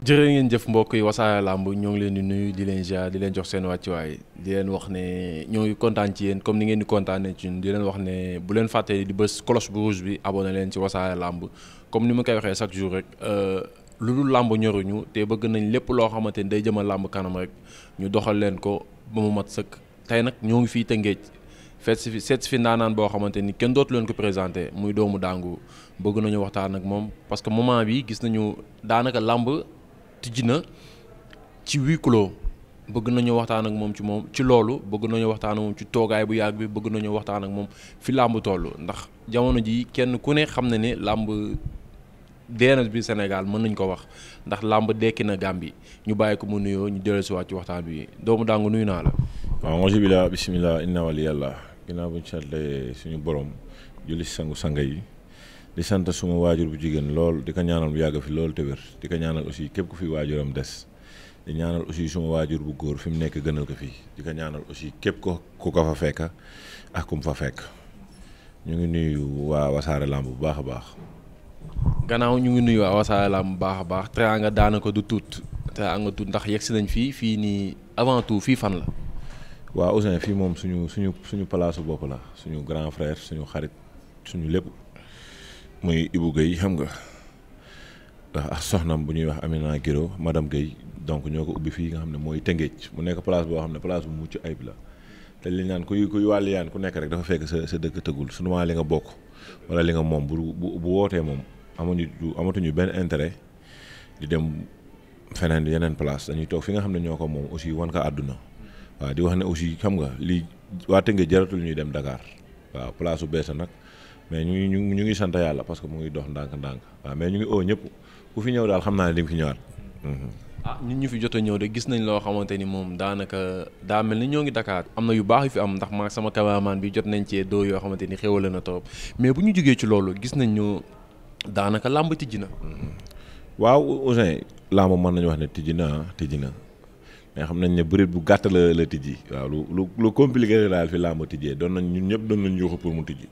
jërë ngeen jëf mbokk yi wasaare làmb ñoo ngi leen di nuyu di leen ziar di leen jox seen waay di leen wax ne ñoo ngi kontaan ci yéen comme ni ngeen di kontaanee ci ñun di leen wax ne bu leen fàttee di bës cloche bu rouge bi abonné leen ci wasaare làmb comme ni ma koy waxee chaque jour rek euh, lu dul làmb ñoruñu te bëgg nañ lépp loo xamante ni day jëmal làmb kanam rek ñu doxal leen ko ba mu mat sëkk tey nag ñoo ngi fii Tëngéej feet si fi seet si fi ndaanaan boo xamante ni kenn dootu leen ko présenté muy doomu dàngu bëgg nañu waxtaan ak parce que moment bi gis nañu daanaka làmb tijji na ci huis bëgg nañu waxtaan ak moom ci moom ci loolu bëgg nañu waxtaan ak moom ci toogaay bu yàgg bi bëgg nañu waxtaan ak moom fi làmb toll ndax jamono ji kenn ku ne xam na ni làmb DNS bi Sénégal mën nañ ko wax ndax làmb dekki na Gàmbi ñu bàyyi ko mu nuyoo ñu dellu si waat ci waxtaan bi doomu daangu nuyu naa la. waaw mosu bilaa bisimilah inna wali yàlla ginnaaw bu ñu sant suñu borom julli sangu sanga yi. di sant suma waajur bu jigéen lool di ko ñaanal mu yàgg fi lool te wér di ko ñaanal aussi képp ku fi waajuram des di ñaanal aussi suma waajur bu góor fi mu nekk gënal ko fii di ko ñaanal aussi képp ko ku ko fa fekk ak ku mu fa fekk ñu ngi nuyu waa wasaare làmb bu baax a baax. gannaaw ñu ngi nuyu waa wasaare làmb bu baax a baax teraanga daanaka du tuut teraanga tuut ndax yegsi nañ fii fii nii avant tout fii fan la. waaw Ouzin fii moom suñu suñu suñu place bopp la suñu grand frère suñu xarit suñu lépp. muy Ibou Guèye xam nga ndax ak soxnam bu ñuy wax Amina Guiro madame Guèye donc ñoo ko ubbi fii nga xam ne mooy Tëngéej mu nekk place boo xam ne place bu mucc ayib la te li naan kuy kuy wàlli yaan ku nekk rek dafa fekk sa sa dëkk tëggul sunu waa li nga bokk wala li nga moom bu bu wootee moom amuñu amatuñu benn intérêt di dem feneen yeneen place dañuy toog fi nga xam ne ñoo ko moom aussi wan ko àdduna waaw di wax ne aussi xam nga lii waa Tëngéej jaratul ñuy dem Dakar waaw place bu bees nag. mais ñu ngi ñu ñu ngi sant yàlla parce que mu ngi dox ndànk-ndànk waaw mais ñu ngi oo ñëpp ku fi ñëw daal xam naa ne di fi ñëwaat. Mhm. ah nit ñu fi jot a ñëw de gis nañ loo xamante ni moom daanaka daa mel ni ñoo ngi dakaar am na yu baax yu fi am ndax maa sama cameraman bi jot nañ cee doo yoo xamante ni xéwale na trop mais bu ñu jógee ci loolu gis nañ ñu daanaka làmb tijji na. Mhm. waaw mën nañu wax ne tijji na tijji na mais xam nañ ne bëreet bu gàtt la la tijji waaw lu lu lu compliqué daal fi làmb tijjee doon nañ ñun ñëpp doon nañ yuuxu pour mu tijji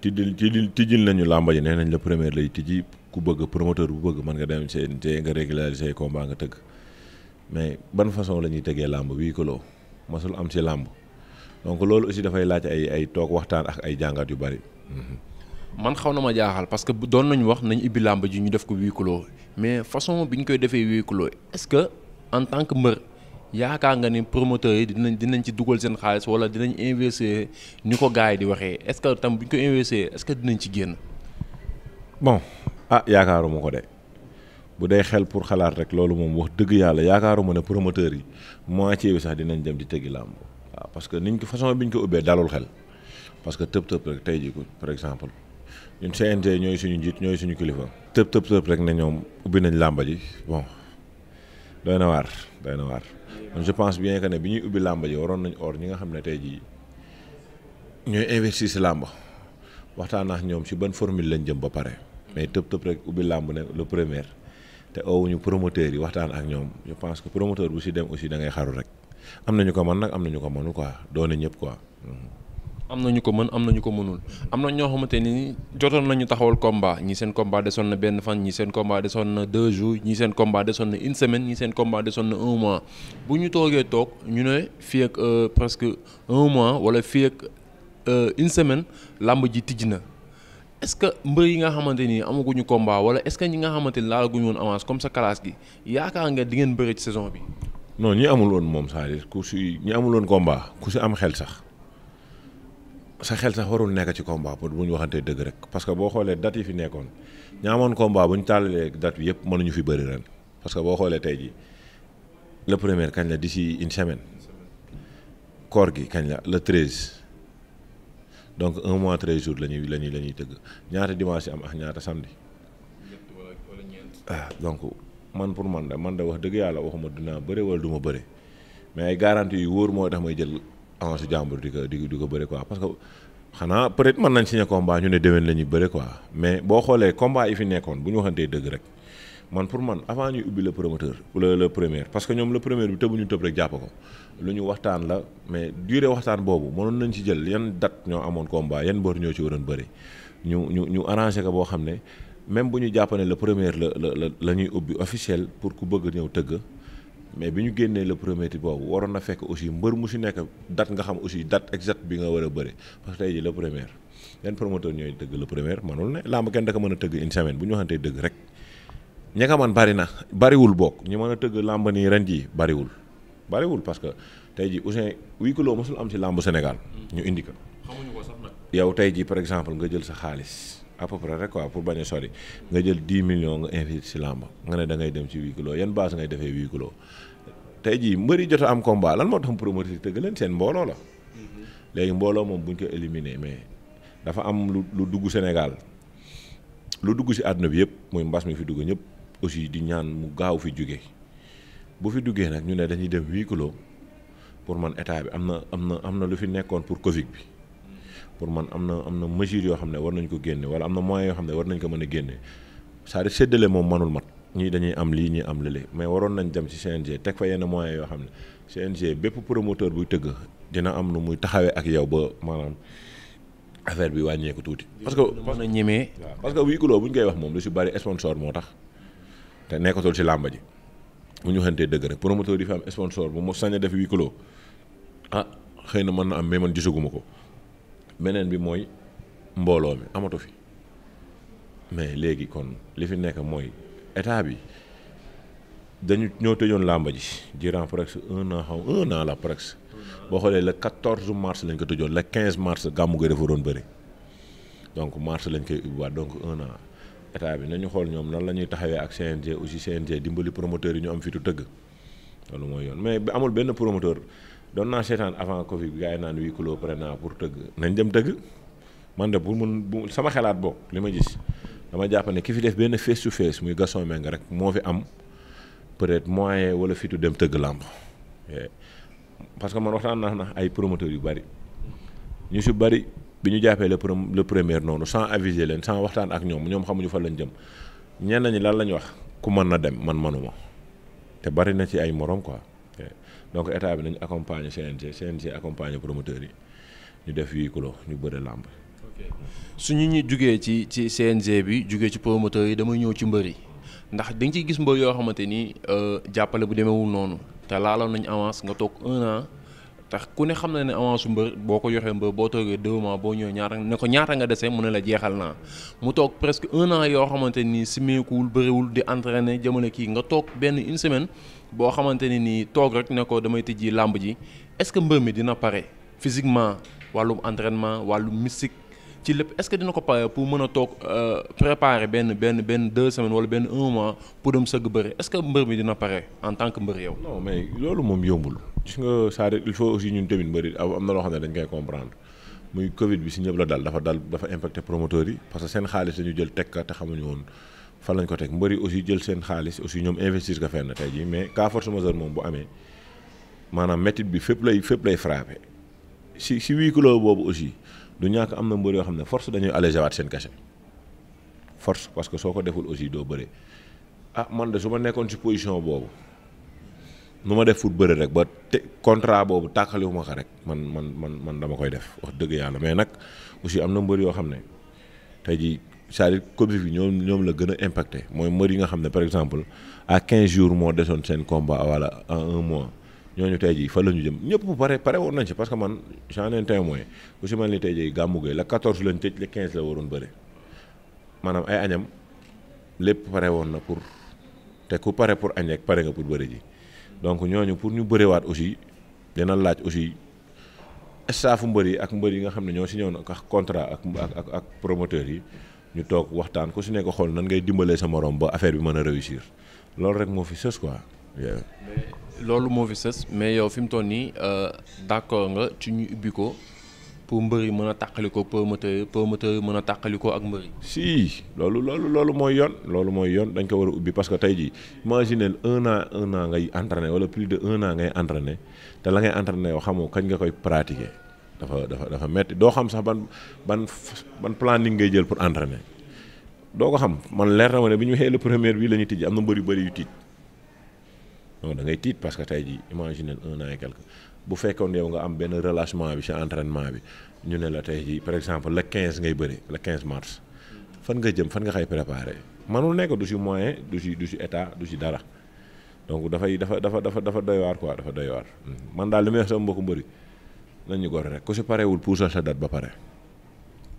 tijjil tijjil tijjil nañu làmba ji nee la première lay tijji ku bëgg promoteur bu bëgg mën nga dem seen te nga régulariser combat nga tëgg mais ban façon la ñuy tëggee làmb wii ko masul am si làmb donc loolu aussi dafay laaj ay ay toog waxtaan ak ay jàngat yu bari. Mm-hmm. man xaw na ma jaaxal parce que doon nañu wax nañu ibbi làmb ji ñu def ko huis clos mais façon bi ñu koy defee huis clos est-ce en tant que mbër yaakaar nga ni promoteurs yi dinañ dinañ ci dugal seen xaalis wala dinañ investir ñu ko gars yi di waxee est-ce que tam bu ko investir est-ce que dinañ ci génn. bon ah yaakaaruma ko de bu dee xel pour xalaat rek loolu moom wax dëgg yàlla yaakaaruma ne promoteurs yi moitié bi sax dinañ dem di tëggi làmb waaw parce que niñ ko façon bi ñu ko ubbee dalul xel parce que tëb tëb rek tey jii ko par exemple ñun CNG ñooy suñu njiit ñooy suñu kilifa. tëb tëb tëb rek ne ñoom ubbi nañ làmba ji na waar doy waar. je pense bien que ne bi ñuy ubbi làmba ji waroon nañu or ñi nga xam ne tey jii ñooy investir si làmba waxtaan ak ñoom si ban formule lañ jëm ba pare mais tëb tëb rek ubbi làmb ne le premier te oowuñu promoteurs yi waxtaan ak ñoom je pense que promoteur bu si dem aussi dangay ngay xaru rek am nañu ko man nag am nañu ko mënu quoi doone ñëpp ko am na ñu ko mën am na ñu ko mënul am na ñoo xamante ni jotoon nañu taxawal combat ñi seen combat desoon na benn fan ñi seen combat desoon na deux jours ñi seen combat desoon une semaine ñi seen combat desoon na un mois bu ñu toogee toog ñu ne fii ak euh, presque un mois wala fii ak euh, une semaine làmb ji tijji na. est que mbër yi nga xamante nii amaguñu komba wala est-ce que ñi nga xamante ni laalaguñu woon avance comme sa classe gi yaakaar nga di ngeen bëre ci saison bi. non ñi amul woon moom c'est-à-dire ku si ku si am xel sax. sa xel sax warul nekk ci combat pour bu ñu waxantee dëgg rek parce que boo xoolee date yi fi nekkoon ñaamoon combat bu ñu tàllalee date bi yëpp mënuñu fi bëri ren parce que boo xoolee tey ji le premier kañ la si une semaine koor gi kañ la le traise donc un mois treize jours la ñuy la ñuy la ñuy tëgg ñaata dimanche am ak ñaata samedi ah donc man pour man da man da wax dëgg yàlla waxuma dinaa bëre wala du ma bëre mais ay garantie yu wóor moo tax may jël avance jàmbur di ko di ko bëre quoi parce que xanaa peut être mën nañ signé combat ñu ne déwén la ñuy bëre quoi mais boo xoolee combat yi fi nekkoon bu ñu waxantee dëgg rek man pour man avant ñuy ubbi le promoteur la le premier parce que ñoom la premier bi tëbuñu tëb rek jàpp ko lu ñu waxtaan la mais durée waxtaan boobu mënoon nañ ci jël yan date ñoo amoon combat yan mbër ñoo ci waroon bëri ñu ñu ñu arrangé ko boo xam ne même bu ñu jàpp ne le premier la la la ñuy ubbi officiel pour ku bëgg ñëw tëgg. mais bi ñu génnee le premier titre boobu waroon na fekk aussi mbër mu si nekk date nga xam aussi date exacte bi nga war a bëre parce que tey ji le premier yan promoteur ñooy tëgg le premier manul ne làmb kenn da ko mën a tëgg une semaine bu ñu waxantee dëgg rek ña ka man bari na bariwul book ñi mën a tëgg làmb nii ren jii bariwul bariwul parce que tey ji Ouzin huis clos mosul am si làmb Sénégal. Mm. ñu indi ko. yow tey ji par exemple nga jël sa xaalis. à rek quoi pour bañ a sori nga jël dix millions nga investi si làmb nga ne dangay ngay dem ci huis clos yan base ngay defee huis clos tey jii mbëri jot a am combat lan moo tax promoteur tëgg leen seen mbooloo la. Mm-hmm. léegi mbooloo moom buñ ko éliminer mais dafa am lu lu dugg Sénégal lu dugg si àdduna bi yëpp muy mbas mi fi dugg ñëpp aussi di ñaan mu gaaw fi jóge bu fi duggee nag ñu ne dañuy dem huis pour man état bi am na am na am na lu fi nekkoon pour Covid bi. pour man am na am na mesure yoo xam ne war nañ ko génne wala am na moyens yoo xam ne war nañ ko mën a génne cest à séddale moom manul mat ñii dañuy am lii ñii am lële mais waroon nañ dem ci CNG teg fa yenn moyens yoo xam ne CNG bépp promoteur buy tëgg dina am nu muy taxawee ak yow ba maanaam affaire bi wàññeeku tuuti. parce que parce que ñemee. parce que huis clos bu ñu koy wax moom lu ci bari sponsor moo tax te nekkatul ci làmba ji bu ñu xantee dëgg rek promoteur yi fi am sponsor bu mu sañ def huis clos ah xëy na mën na am mais man gisaguma ko. beneen bi mooy mbooloo mi amatu fi mais léegi kon li fi nekk mooy état bi dañu ñoo tëjoon làmba ji durant presque un an xaw un an la presque boo xoolee le 14 mars lañ ko tëjoon la quinze mars gàmmu gi dafa doon bëri donc mars lañ koy ubbiwaat donc un an état bi nañu xool ñoom nan la ñuy taxawee ak CNG aussi CNG dimbali promoteur yi ñu am fitu tëgg loolu mooy yoon mais bi amul benn promoteur doon naa seetaan avant Covid bi gars yi naan huis clos prenant pour tëgg nañ dem tëgg man de pour mun bu sama xalaat bokk li ma gis dama jàpp ne ki fi def benn face to face muy Gaston Mbengue rek moo fi am peut-être moyen wala fitu dem tëgg làmb eh, parce que man waxtaan naa na ay promoteurs yu bari ñu si bari bi ñu jàppee le le premier noonu sans aviser leen sans waxtaan ak ñoom ñoom xamuñu fa lañ jëm ñenn ñi lan lañ wax ku mën na dem man manuma te bari na ci ay morom quoi. donc état bi nañu accompagner CNG CNG accompagner promoteurs yi ñu def huis clos ñu bëre làmb. ok su ñu jugee ci ci CNG bi jugee ci promoteurs yi damay ñëw ci mbër yi ndax dañ ci gis mbër yoo xamante ni euh, jàppale bu demeewul noonu te laaloon nañ avance nga toog un tax ku ne xam na ne avance su mbër boo ko yoxee mbër boo toogee deux mois boo ñëwee ñaata ne ko ñaata nga dese mu ne la jeexal naa mu toog presque un an yoo xamante nii simeekuwul bëriwul di entraîner jëmale kii nga toog benn une semaine boo xamante ne nii toog rek ne ko damay tijji làmb ji est-ce que mbër mi dina pare physiquement wàllum entraînement wàllum mystique ci lépp est-ce que dina ko pare pour mën a toog euh, préparer benn benn benn deux semaines wala benn un mois pour dem sëgg bëri est-ce que mbër mi dina pare en tant que mbër yow. non mais loolu moom yombul. gis nga cest à il faut aussi ñun tamit mbëri am na loo xam ne dañ koy comprendre muy Covid bi si ñëpp la dal dafa dal dafa impacté promoteurs yi parce que seen xaalis dañu jël teg ka te xamuñu woon. fan lañ ko teg mbëri aussi jël seen xaalis aussi ñoom investir ko fenn tey jii mais cas force majeure moom bu amee maanaam métit bi fépp lay fépp lay frappé si si huis boobu aussi du ñàkk am na mbër yoo xam ne force dañuy allégé waat seen cachet force parce que soo ko deful aussi doo bëre ah man de su ma nekkoon si position boobu nu ma def fut bëre rek ba te contrat boobu tàkkaliwu ma ko rek man man man man dama koy def wax dëgg yàlla mais nag aussi am na mbër yoo xam ne tey jii c'est-à-dire Covid bi ñoom ñoom la gën a impacté mooy mbër yi nga xam ne par exemple à 15 jours moo desoon seen combat wala en un mois ñooñu tey jii fa la ñu jëm ñëpp pare pare woon nañ ci parce que man j'en ai un témoin ku si mel ni tey jii gàmmu gay la 14 lañ tëj le 15 la waroon bëre maanaam ay añam lépp pare woon na pour te ku pare pour añ rek pare nga pour bëre ji donc ñooñu pour ñu waat aussi dina laaj aussi. staffu mbër yi ak mbër yi nga xam ne ñoo si ñëw nag ak contrat ak ak ak promoteurs yi ñu toog waxtaan ku si ne ko xool nan ngay dimbalee sa morom ba affaire bi mën a réussir loolu rek moo fi sës quoi. loolu moo fi sës mais yow fi mu toll nii euh, d'accord nga ci ñu ubbi ko pour mbër yi mën a tàqali ko promoteur promoteur yi mën a tàqali ko ak mbër yi. si loolu loolu loolu mooy yoon. loolu mooy yoon dañ ko war a ubbi parce que tey jii imaginez un an un an ngay entraîner wala plus de un an ngay entraîner te la ngay entraîner yow xamoo kañ nga koy pratiquer. dafa dafa dafa metti doo xam sax ban ban ban planning ngay jël pour entraîner doo ko xam man leer na ma ne bi ñu xëy la première bi la ñuy tijji am na mbër yu bëri yu tiit non da ngay tiit parce que tey jii imagine un an et quelque bu fekkoon yow nga am benn relâchement bi ci entraînement bi ñu ne la tey ji par exemple la 15 ngay bëri le 15 mars fan nga jëm fan nga xay préparé manul nekk du si moyen du si du ci état du si dara donc dafay dafa dafa dafa dafa doy waar quoi dafa doy waar hmm. man daal li may wax mbëri nañ ñu góor rek ku si parewul puusal sa date ba pare.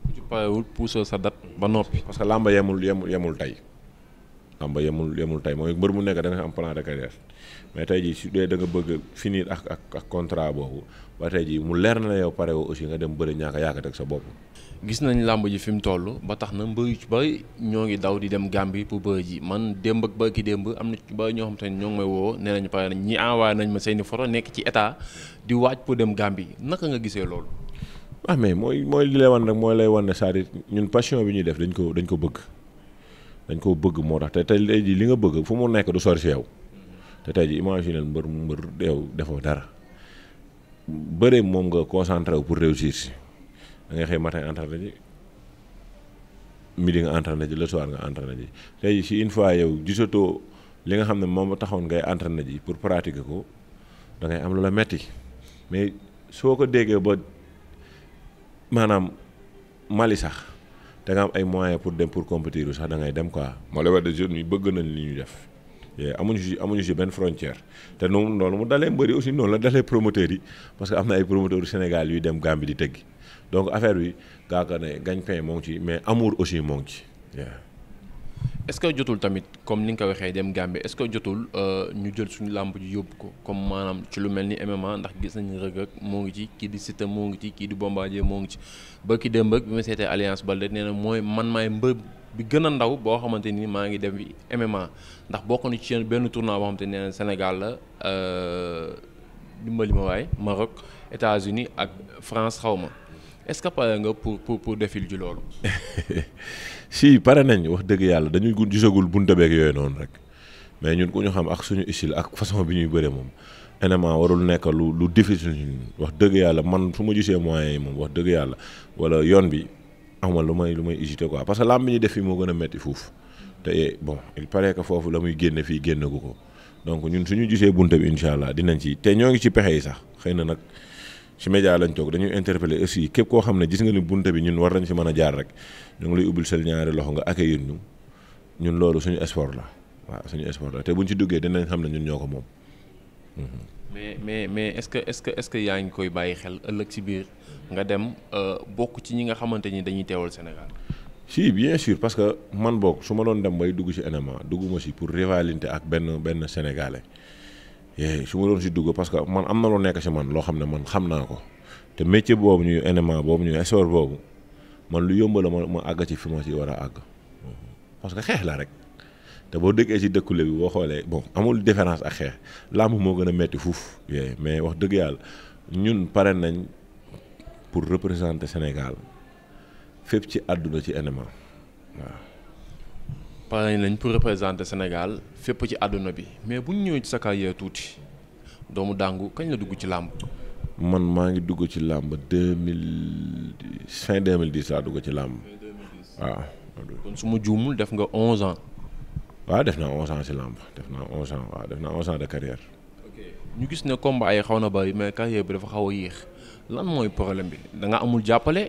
ku si parewul puusal sa dat ba noppi. parce que làmba yemul yemul yemul tey làmba yemul yemul tey mooy mbër mu nekk da nga am plan de carrière mais tey jii su dee da nga bëgg finir ak ak ak contrat boobu ba tey jii mu leer na la yow pare woo aussi nga dem bëri ñaaka yaakaar teg sa bopp. gis nañ làmb ji fi mu toll ba tax na mbër yu ci bëri ñoo ngi daw di dem Gambie pour bëri ji man démb ak barki démb am na ci ñoo xam te ñoo may woo nee nañu pare nañ ñi envoyé nañ ma seeni photo nekk ci état di waaj pour dem Gambie naka nga gisee loolu. ah mooy mooy li wan nag mooy lay wan ne cest ñun passion bi ñuy def dañ ko dañ ko bëgg dañ ko bëgg moo tax te tey li nga bëgg fu mu nekk du sori si yow te tey ji imaginel mbër mbër yow defoo dara bëree moom nga concentré wu pour réussir si da ngay xëy matin entraîné ji midi nga entraîné ji le soir nga entraîné ji tey ji si une fois yow gisatoo li nga xam ne moom taxoon ngay entraîné ji pour pratiquer ko da ngay am lu la metti mais soo ko déggee ba maanaam Mali sax da nga am ay moyens pour dem pour compétir sax da ngay dem quoi. moo lay wax de jeunes yi bëgg nañ li ñuy def. amuñu ci amuñu ci benn frontière te noonu noonu mu dalee mbëri aussi noonu la dalee promoteur yi parce que am na ay promoteurs Sénégal yuy dem Gambie di tëggi donc affaire bi gaaka ne gagne-pain moo ngi ci mais amour aussi moo ngi ci est-ce que jotul tamit comme ni nga ko waxee dem Gambie est-ce que jotul euh, ñu jël làmb ji yóbbu ko comme maanaam ci lu mel ni MMA ndax gis nañu Reug moo ngi ci kii di Siteu moo ngi ci kii di Bombardier moo ngi ci ba ki démb bi ma seetee Alliance Baldé nee na mooy man maay mbër bi gën a ndaw boo xamante ni maa ngi dem MMA ndax bokk na ci benn tournoi boo xamante ne Sénégal la euh, dimbali ma waaye Maroc États-Unis ak France xaw ma est-ce que pare nga pour pour pour défil ji loolu. si pare nañ wax dëgg yàlla dañuy gisagul bunte beeg yooyu noonu rek mais ñun ku ñu xam ak suñu style ak façon bi ñuy bëree moom. élément warul nekk lu lu difficile wax dëgg yàlla man su ma gisee moyens yi moom wax dëgg yàlla wala yoon bi. awma lu may lu may hésité quoi parce que làmb bi ñu def fii moo gën a métti foofu te eh, bon il paraît foofu la muy génne fii génn gu ko donc ñun suñu gisee bunte bi incha allah dinañ ci te ñoo ngi ci pexe yi sax xëy na nag ci média lañ toog dañuy interpeller aussi képp koo xam ne gis nga ni bunte bi ñun war nañ si mën a jaar rek ñu ngi lay ubbil seen ñaari loxo nga accueillir ñu ñun loolu suñu sport la waa suñu sport la te ñu ci duggee dinañ xa ne ñun ñoo ko moom. mais mais mais est-ce que est-ce que est ngi koy bàyyi xel ëllëg ci biir. nga dem euh, bokk ci ñi nga xamante ni dañuy teewal Sénégal. si bien sûr parce que man boog su ma doon dem bay dugg ci MMA dugguma si pour rivalité ak benn benn sénégalais su ma doon si dugg parce que man am na loo nekk si man loo xam ne man xam naa ko te métier boobu ñuy MMA boobu ñuy sport boobu man lu yomb la ma ma àgg ci fi ma si war a àgg parce que xeex la rek. te boo dëkkee si dëkkule bi boo xoolee bon amul différence ak xeex làmb moo gën a metti fuuf mais wax dëgg yàlla ñun pare nañ pour représenter Sénégal fépp ci àdduna ci MMA waaw. pare nañ pour représenter Sénégal fépp ci àdduna bi mais bu ñu ñëwee ci sa carrière tuuti doomu dàngu kañ la dugg ci làmb. man maa ngi dugg ci làmb mille fin deux mille dix laa dugg ci làmb. waaw. kon su ma juumul def nga onze ans. waaw def naa onze ans ci làmb def naa onze ans waaw def naa onze ans de carrière. ñu gis ne combat ay xaw na bari mais carrière bi dafa xaw a yéex. lan mooy problème bi danga amul jàppale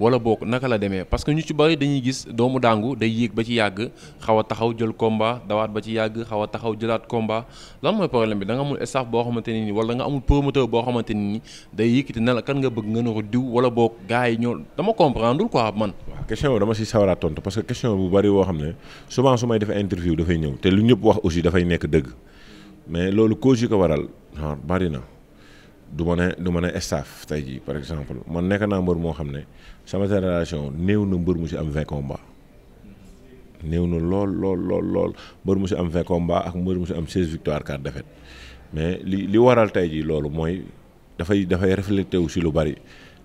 wala boog naka la demee parce que ñu ci bari dañuy gis doomu dàngu day yéeg ba ci yàgg xaw a taxaw jël komba dawaat ba ci yàgg xaw a taxaw jëlaat combat lan mooy problème bi da nga amul staff boo xamante ne ni wala da nga amul promoteur boo xamante ne ni day yëkkati ne la kan nga bëgg nga ne ko diw wala boog gars yi ñoo dama ko am man. waaw question dama si sawaraat tontu parce que question bu bari woo xam ne souvent su may defee interview dafay ñëw te lu ñëpp aussi dafay nekk dëgg mais loolu cause yi ko waral bari na. du ma ne du ma ne staff tey jii par exemple man nekk naa mbër moo xam ne sama génération néew na mbër mu si am vingt combats néew na lool lool lool lool mbër mu si am vingt combats ak mbër mu si am seize victoire quatre défaites mais li li waral tey jii loolu mooy dafay dafay reflété wu si lu bari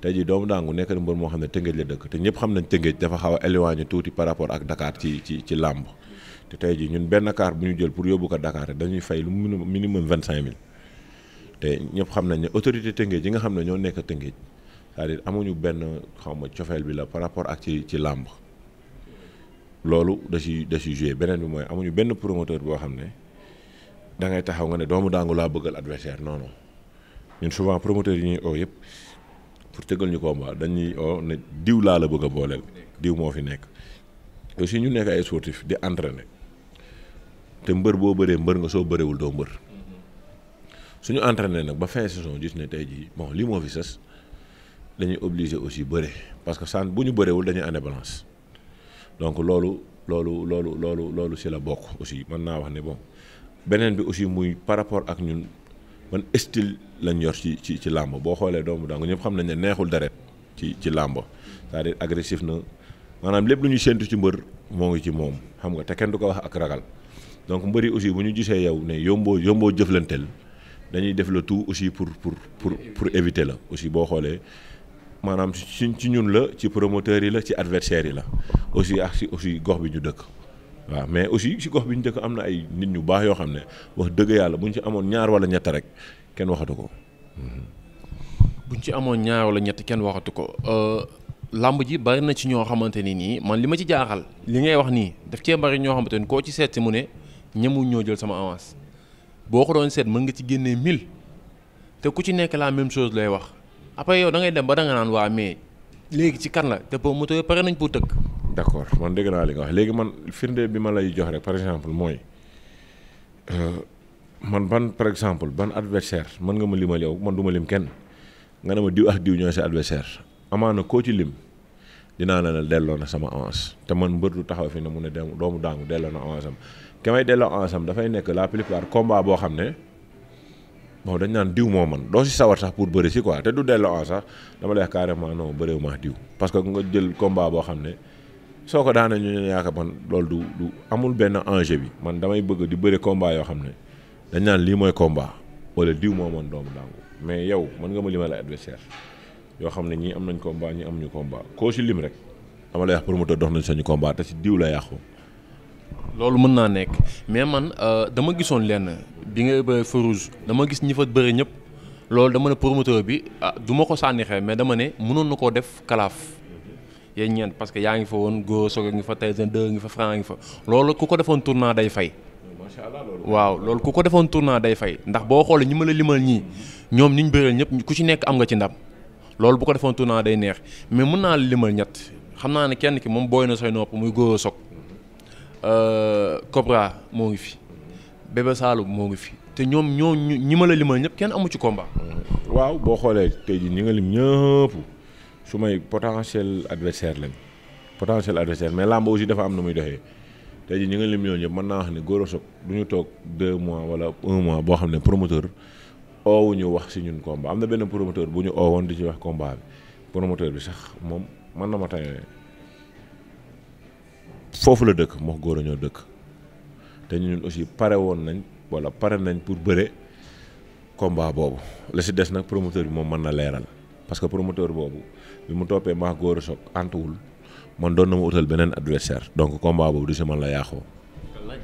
tey jii doomu daangu nekk na mbër moo xam ne Tëngéej la dëkk te ñëpp xam nañ Tëngéej dafa xaw a éloigné tuuti par rapport ak Dakar ci ci ci làmb te tey jii ñun benn kaar bu ñu jël pour yóbbu ko Dakar dañuy fay lu minimum vingt cinq te ñëpp xam nañ ne autorité tëngéej yi nga xam ne ñoo nekk tëngéej cest à amuñu benn xaw ma cofeel bi la par rapport ak ci ci làmb loolu da ciy da beneen bi mooy amuñu benn promoteur boo xam ne da ngay taxaw nga ne doomu daangu laa bëggal adversaire non non ñun souvent promoteur yi ñuy oo yëpp pour tëggal ñu combat dañuy oo ne diw laa la bëgg a booleel diw moo fi nekk aussi ñu nekk ay sportif di entraîner te mbër boo bëree mbër nga soo bëreewul doo mbër. suñu entraîné nag ba fin saison gis ne tey jii moom lii moo fi sës dañuy obliger aussi bëre parce que saan bu ñu bërewul dañuy ane balance donc loolu loolu loolu loolu loolu si la bokk aussi mën naa wax ne bon beneen bi aussi muy par rapport ak ñun man style lañ yor ci ci ci làmb boo xoolee doomu dangu ñëpp xam nañ ne neexul deret ci ci làmb c'est-à-dire agressif na maanaam lépp lu ñuy séntu ci mbër moo ngi ci moom xam nga te kenn du ko wax ak ragal donc mbër aussi bu ñu gisee yow ne yomboo yomboo jëflanteel dañuy def le tout aussi pour pour pour pour éviter la aussi boo xoolee maanaam ci ci ñun la ci promoteurs yi la ci adversaires yi la aussi ak si aussi gox bi ñu dëkk waaw mais aussi si gox bi ñu dëkk am na ay nit ñu baax yoo xam ne wax dëgg yàlla bu ñu ci amoon ñaar wala ñett rek kenn waxatu ko. Mm-hmm. buñ ci amoon ñaar wala ñett kenn waxatu ko. Euh, làmb ji bari na ci ñoo xamante ni nii man li ma ci jaaxal li ngay wax nii def cee bari ñoo xamante ni koo ci seet si mu ne ñemu ñoo jël sama avance. boo ko doon seet mën nga ci génnee mille te ku ci nekk la même chose lay wax après yow dangay dem ba da nga naan waa mais léegi ci kan la te pour moto pare nañ pour tëkk. d' accord man dégg naa li nga wax léegi man firnde bi ma lay jox rek par exemple mooy euh, man ban par exemple ban adversaire mën nga ma limal yow man duma ma lim kenn nga ne ma diw ax diw ñooy sa adversaire amaana koo ci lim. dinaa la ne delloo na sama avance te man mbër du taxaw fi ne mu ne doomu daangu delloo na avance ki delloo en somme dafay nekk la plupart combat boo xam ne bon dañ naan diw moo man doo si sawar sax pour bëri si quoi te du delloo en sax dama lay wax carrément non bëriwu ma diw parce que nga jël combat boo xam ne soo ko daanee ñu ne yaakaar man loolu du du amul benn enjeu bi man damay bëgg di bëri combat yoo xam ne dañ naan lii mooy combat wala diw moo man doomu daangu mais yow mën nga ma limal ay adversaire yoo xam ne ñii am nañ combat ñii ñu combat koo si lim rek dama lay wax promoteur dox nañ sañu te si diw la yàqu. loolu mën naa nekk mais man euh, dama gisoon lenn bi nga bëre Farouz dama gis ñi fa bëre ñëpp loolu dama ne promoteur bi ah du ma ko sànni xew mais dama ne mënoon na koo def kalaaf yéen ñeent parce que yaa ngi fa woon góor soog ngi fa Tyson a ngi fa Franc ngi fa loolu ku ko defoon tournant day fay. waaw loolu ku ko defoon tournant day fay ndax boo xoolee ñi ma la limal ñii ñoom ñu ñu bëreel ñëpp ku ci nekk am nga ci ndam loolu bu ko defoon tournant day neex mais mun naa limal ñett xam naa ne kenn ki moom booy na say nopp muy góor soog Euh, Cobra moo ngi fi Bébé Saloum moo ngi fi te ñoom ñoo ñi ma la limal ñëpp kenn amu ci combat. waaw boo xoolee tey jii ñi nga lim ñëpp su may potentiel adversaire lañ potentiel adversaire mais làmb aussi dafa am na muy doxee tey jii ñi nga lim ñooñu ñëpp mën naa wax ne Gora du ñu toog deux mois wala un mois boo xam ne promoteur oowu ñu wax si ñun combat am na benn promoteur bu ñu oowoon di ci wax combat bi promoteur bi sax moom mën na ma tayoo foofu la dëkk moo góor a ñoo dëkk te ñun aussi pare woon nañ wala pare nañ pour bëre combat boobu la si des nag promoteur bi moom mën na leeral parce que promoteur boobu bi mu toppee maax góor a soog antuwul man doon na mu utal beneen adversaire donc combat boobu du si man la yaaxoo.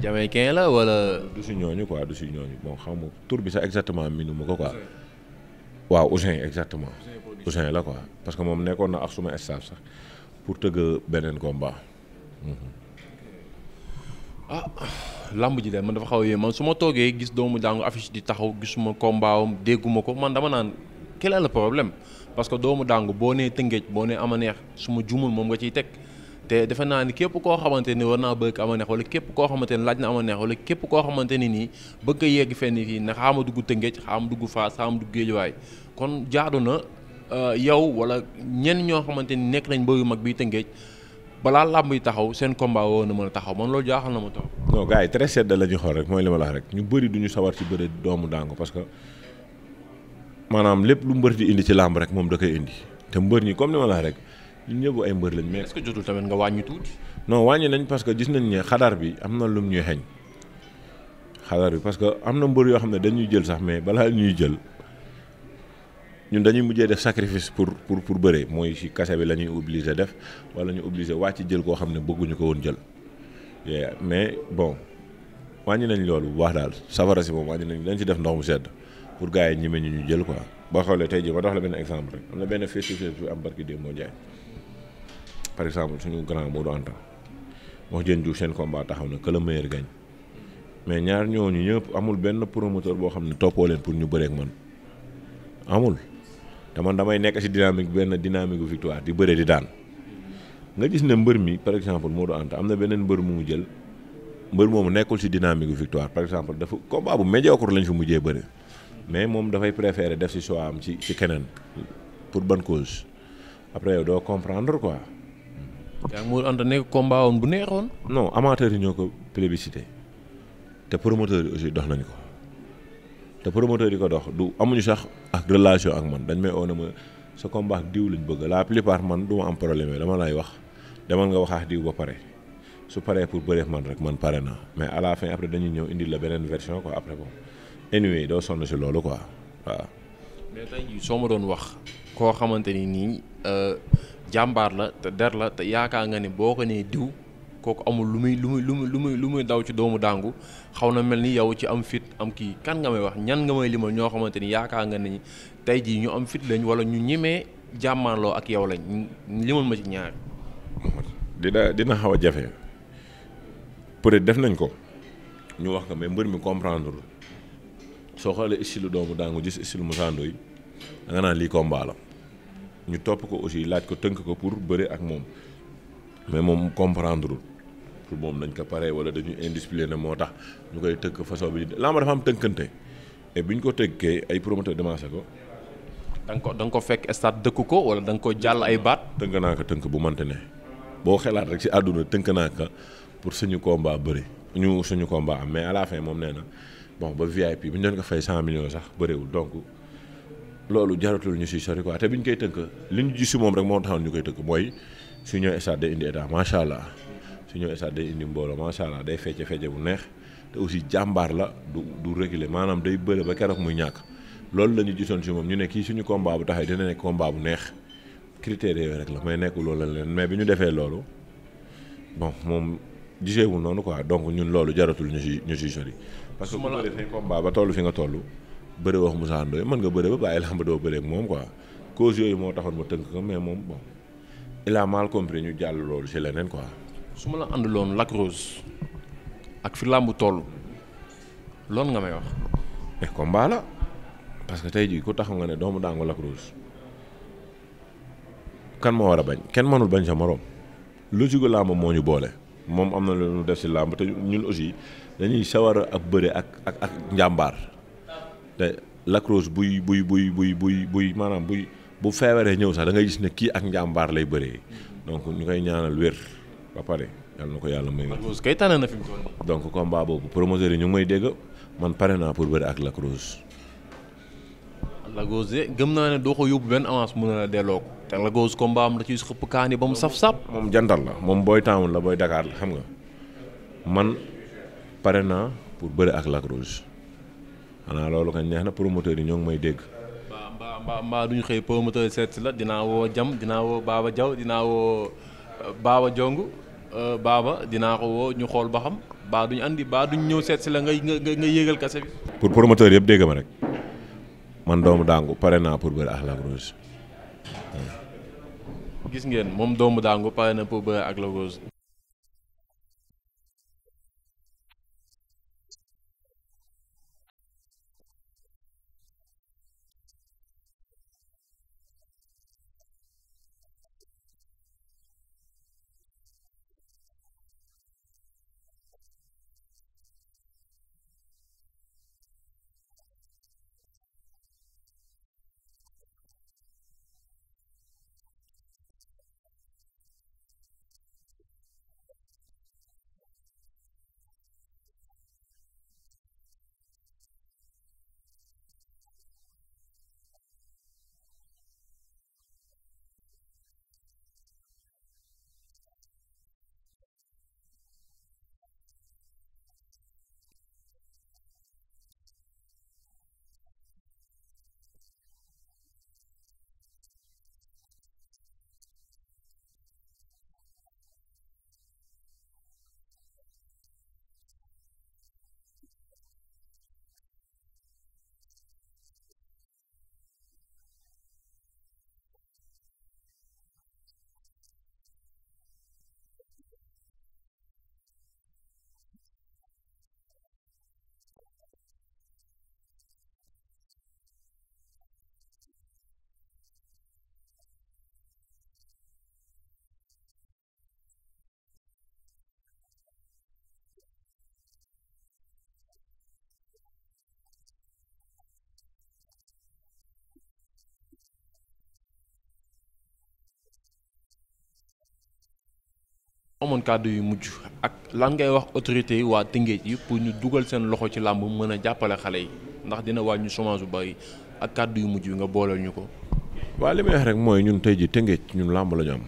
jamaïcain la wala. du si ñooñu quoi du si ñooñu moom xam nga tur bi sax exactement miinu ma ko quoi. waaw Ousin exactement. Ousin la quoi parce que moom nekkoon na ak suma staff sax pour tëgg beneen combat. Mhm. ah làmb ji de man dafa xaw a yéem man su ma toogee gis doomu daangu affiche di taxaw gisuma koo kombaawam dégguma ko man dama naan quel est le parce que doomu daangu boo nee tëngéej boo nee am amaneex su ma jumul moom nga ciy teg te defe naa ni képp koo xamante ni war naa bëgg amaneex wala képp koo xamante ni laaj na amaneex wala képp koo xamante ni nii bëgg a yegg fenn fii na xaama dugg tëngéej xaama dugg faas xaama dugg géejuwaay kon jaadu na euh, yow wala ñenn ñoo xamante ni nekk nañ bëgg mag bi tëngéej balaa làmb yi taxaw seen combat woo na mën a taxaw man loolu jaaxal na ma taw. non gars yi très sedd la ñuy rek mooy li ma rek ñu bëri du ñu sawar ci bëri doomu daangu parce que maanaam lépp lu mbër di indi ci làmb rek moom da koy indi te mbër ñi comme li rek ñun ñëpp ay mbër lañ mais. jotul tamit nga wàññi tuuti. non wàññi nañ parce que gis nañ ne xadaar bi am na lum ñuy xeeñ xadaar bi parce que am na mbër yoo xam ne dañuy jël sax mais balaa ñuy jël ñun dañuy mujjee def sacrifice pour pour pour bëre mooy ci kase bi la ñuy obligé def wala ñu obligé wàcc jël koo xam ne bëgguñu ko woon jël mais bon wàññi nañ loolu bu baax daal safara si moom wàññi nañ dañ ci def ndox mu sedd pour gars yi ñime ñu ñu jël quoi boo xoolee tey jii ma dox la benn exemple rek am na benn face bi am barki démb moo jaay par exemple suñu grand Modou Anta moo jën ju seen combat taxaw na que le meilleur gagne mais ñaar ñooñu ñëpp amul benn promoteur boo xam ne toppoo leen pour ñu bëreek man amul te man damay nekk si dynamique benn dynamique victoire di bëre di daan nga gis ne mbër mi par exemple Modou Anta am na beneen mbër mu mu jël mbër moomu nekkul si dynamique victoire par exemple dafa combat bu médiocre lañ fi mujjee bëri mais moom dafay préférer def si choix am ci ci keneen pour bonne cause après yow doo comprendre quoi. yaa ngi Anta nekk combat woon bu neexoon. non amateur yi ñoo ko plébiscité te promoteur yi aussi dox nañ ko. te promoteur yi ko dox du amuñu sax ak relation ak man dañ may oo na ma sa combat ak diw lañ bëgg la plupart man du ma am problème dama lay wax demal nga waxaax diw ba pare su paree pour bëreef man rek man pare naa mais à la fin après dañuy ñëw indi la beneen version quoi après bon anyway doo sonn si loolu ko waaw. soo ma doon wax koo xamante ni nii euh, jàmbaar la te der la te yaakaar nga ne boo ko nee diw kooku amul lu muy lu muy lu muy lu muy daw ci doomu dàngu xaw na mel ni yow ci am fit am kii kan nga may wax ñan nga may limal ñoo xamante ni yaakaar nga ni tey jii ñu am fit lañ wala ñu ñemee jàmmaanloo ak yow lañ limal ma ci ñaar. dina dina xaw a jafe peut être def nañ ko ñu wax ko mais mbër mi comprendre soo xoolee style doomu daangu gis style lu Ndoye da nga naan lii combat la ñu topp ko aussi laaj ko tënk ko pour bëre ak moom mais moom comprendre nekkul moom nañ ko pare wala dañu indiscipliné moo tax ñu koy tëgg façon bi làmb dafa tënkante et ñu ko tëggee ay promoteur demancé ko. da nga da nga ko fekk stade dëkk ko wala da nga ko jàll ay baat. tënk naa ko tënk bu mante ne boo xelaat rek si àdduna tënk naa ko pour suñu koo combat bëri ñu suñu combat am mais à la fin moom nee na bon ba VIP bu ñu doon ko fay cent millions sax bëriwul donc loolu jaratul ñu si sori quoi te bi ñu koy tënk li ñu gis si moom rek moo taxoon ñu koy tënk mooy su ñëw stade day indi état macha allah. su ñëw stade day indi mbooloo macha allah day fecce fecce bu neex te aussi jàmbaar la du du reculer maanaam day bëre ba keroog muy ñàkk loolu la ñu gisoon si moom ñu ne kii suñu combat bu taxee dina nekk combat bu neex critères yooyu rek la may nekkul loolu la leen mais bi ñu defee loolu bon moom giseewul noonu quoi donc ñun loolu jaratul ñu si ñu si sori. parce que bu ma defee combat ba toll fi nga toll bëre wax Moussa Ndoye mën nga bëre ba bàyyi làmb doo bëre ak moom quoi cause yooyu moo taxoon ma tënk ko mais moom bon il a mal compris ñu jàll loolu si leneen quoi. su ma la àndaloon Lac Rose ak fi làmb tool loolu nga may wax. mais ko la parce que tey jii ku taxaw nga ne doomu daangu Lac Rose kan moo war a bañ kenn mënul bañ sa morom logique làmb moo ñu boole moom am na lu def si làmb te ñun aussi dañuy sawar ak bëre ak ak ak njàmbaar te Lac Rose buy buy buy buy buy buy maanaam buy bu feebaree ñëw sax da ngay gis ne kii ak njàmbaar lay bëree donc ñu koy ñaanal wér. ba pare yàlla na ko yàlla may. kay tànn na fi mu donc combat boobu promoteur yi ñu ngi may dégg man pare naa pour bëri ak Lac Rose. Lac de gëm naa ne doo ko yóbbu benn avance mën na la delloo ko te Lac Rose combat am da ciy xëpp kaani ba mu saf-saf. moom jantal la moom booy taawun la booy dakaar la xam nga man pare naa pour bëri ak Lac xanaa loolu ko neex na promoteur yi ñoo ngi may dégg. mbaa mbaa mbaa duñu xëy promoteur seet si la dinaa woo Jam dinaa woo Baba dinaa woo Baba Euh, baaba dinaa ko woo ñu xool ba xam baa duñ àndi baa duñ ñëw seet si la nga nga nga yéegal kase bi. pour promoteur yëpp dégg ma rek man doomu daangu pare naa pour bëri ak Lac Rose. gis ngeen moom doomu dàngu pare na pour bëri ak Lac Rose amoon kàddu yu mujj ak lan ngay wax autorité yi waa Tëngéej yi pour ñu dugal seen loxo ci làmb mën a jàppale xale yi ndax dina wàññu chômage bu bari ak kàddu yu mujj yi nga booleel ñu ko. waa li rek mooy ñun tey ji Tëngéej ñun làmb la ñu am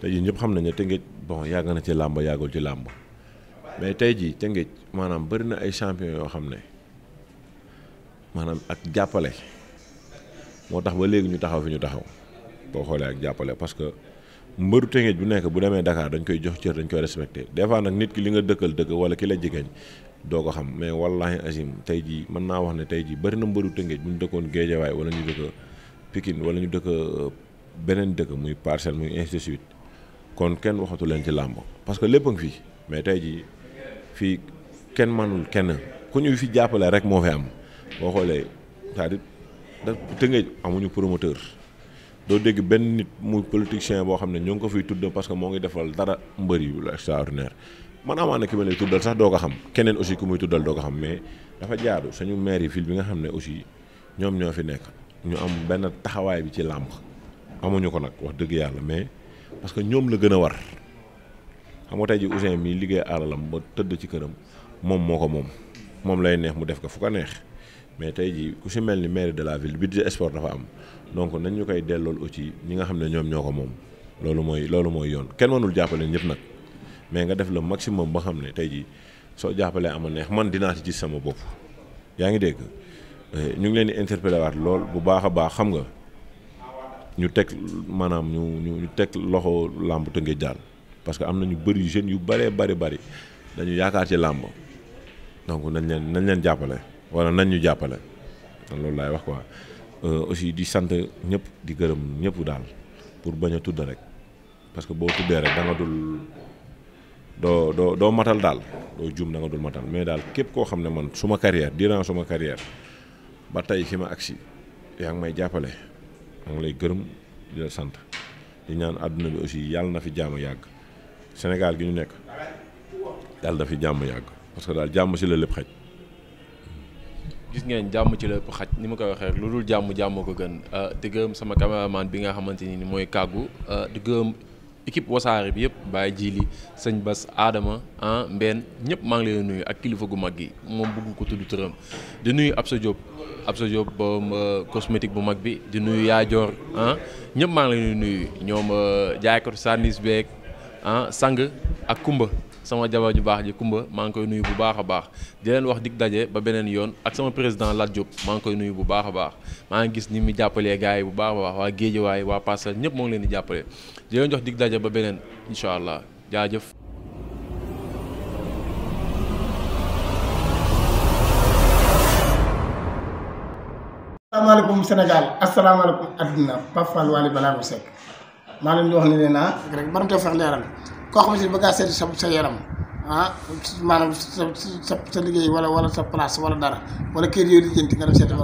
tey ji ñëpp xam nañ ne Tëngéej bon yàgg na ci làmb yàggul ci làmb mais tey ji Tëngéej maanaam bëri na ay champion yoo xam ne maanaam ak jàppale moo tax ba léegi ñu taxaw fi ñu taxaw boo xoolee ak jàppale parce mbëru tëngeej bu nekk bu demee Dakar dañ koy jox cër dañ koy respecté des fois nag nit ki li nga dëkkal dëkk wala ki la jegeñ doo ko xam mais wallahi azim tey jii mën naa wax ne tey jii bëri na mbëru tëngeej bu ñu dëkkoon Géejawaay wala ñu dëkk Pikine wala ñu dëkk euh, beneen dëkk muy parcelle muy ainsi kon kenn waxatu leen ci làmb parce que lépp a ngi mais tey jii fii kenn manul kenn ku ñu fi jàppale rek moo fi am boo xoolee c'est-à-dire tëngeej amuñu promoteur. doo dégg benn nit muy politicien boo xam ne ñoo ngi ko fiy tudd parce que moo ngi defal dara mbër yi lu extraordinaire man amaana ki ma lay tuddal sax doo ko xam keneen aussi ku muy tuddal doo ko xam mais dafa jaadu suñu maire yi ville bi nga xam ne aussi ñoom ñoo fi nekk ñu am benn taxawaay bi ci làmb amuñu ko nag wax dëgg yàlla mais parce que ñoom la gën a war xam nga tey ji Ouzin mi liggéey alalam ba tëdd ci këram moom moo ko moom moom lay neex mu def ko fu neex mais tey jii ku si mel ni mairie de la ville budget sport dafa am donc nañ ñu koy dellool aussi ñi nga xam ne ñoom ñoo ko moom loolu mooy loolu mooy yoon kenn mënul jàppale ñëpp nag mais nga def le maximum ba xam ne tey jii soo jàppalee ama neex man dinaa ci sama bopp yaa ngi dégg eh, ñu ngi leen di interpellé waat lool bu baax a baax xam nga ñu teg maanaam ñu ñu ñu teg loxo làmb Tëngéej daal parce que am na ñu bëri jeunes yu bëree bëri bari dañu yaakaar ci làmb donc nañ leen nañ leen jàppale. wala nañ ñu jàppale man loolu laay wax quoi euh, aussi di sant ñëpp di gërëm ñëpp daal pour bañ a tudd rek parce que boo tuddee rek da dul doo doo doo matal daal doo juum da nga dul matal mais daal képp koo xam ne man suma carrière durant suma carrière ba tey fi ma agsi yaa ngi may jàppale maa ngi lay gërëm di la sant di ñaan àdduna bi aussi yàlla na fi jàmm yàgg Sénégal gi ñu nekk yàlla na fi jàmm yàgg parce daal jàmm si la lépp xaj gis ngeen jàmm ci lépp xaj ni ma koy waxee rek lu dul jàmm jàmm ko gën euh, di gërëm sama caméraman bi nga xamante ni mooy kàggu euh, di gërëm équipe bi yëpp jii li sëñ Bas aadama ah Mbène ñëpp maa ngi leen nuyu ak kilifa gu mag gi moom bëgg ko tudd tëram di nuyu Absa Diop Absa Diop borom euh, cosmétique bu mag bi di nuyu yaajoor Joor ah ñëpp maa ngi leen nuyu ñoom jaaykatu sandis beeg ah sang ak Kumba. sama jabar ju baax ji Kumba maa ngi koy nuyu bu baax a baax di leen wax dig daje ba beneen yoon ak sama président Lat Diop maa ngi koy nuyu bu baax a baax maa ngi gis ni mu jàppalee gars bu baax a baax waa Géejawaay waa Parcelles ñëpp moo ngi leen di jàppale di leen jox dig daje ba beneen incha allah jaajëf maa leen di wax ne leen ah rek baramtoo fex leeral koo xamante ni ba ngaa seeti sa sa yaram ah sa sa sa liggéey wala wala sa place wala dara wala kër yooyu lijjanti nga dem seeti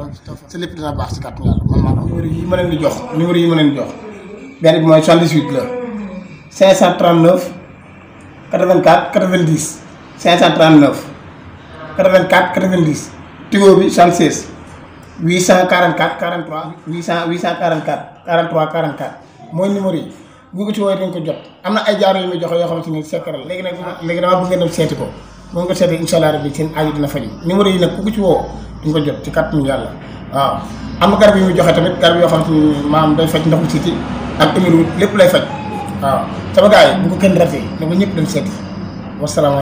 sa lépp dina baax si kàttan yàlla man maanaam. numéro yi ma leen di jox numéro yi ma leen di jox benn bi mooy 78 la 539 84 90 539 84 90 tigo bi 76 844 43 800 844 43 44 mooy numéro yi. bu ko ci woowee dañ ko jot am na ay jaaro yu muy joxe yoo xamante ni sekkaral léegi nag léegi dama bëgg a dem seeti ko moom nga seeti incha allah rabbi seen aaju dina faju numéro yi nag ku ko woo duñ ko jot ci kàttanu yàlla waaw am na garab yu muy joxe tamit garab yoo xamante ni maam day faj ndoxu siiti ak émiru lépp lay faj waaw sama bu ko kenn ratee ne ko ñëpp dem seeti wasalaamaaleykum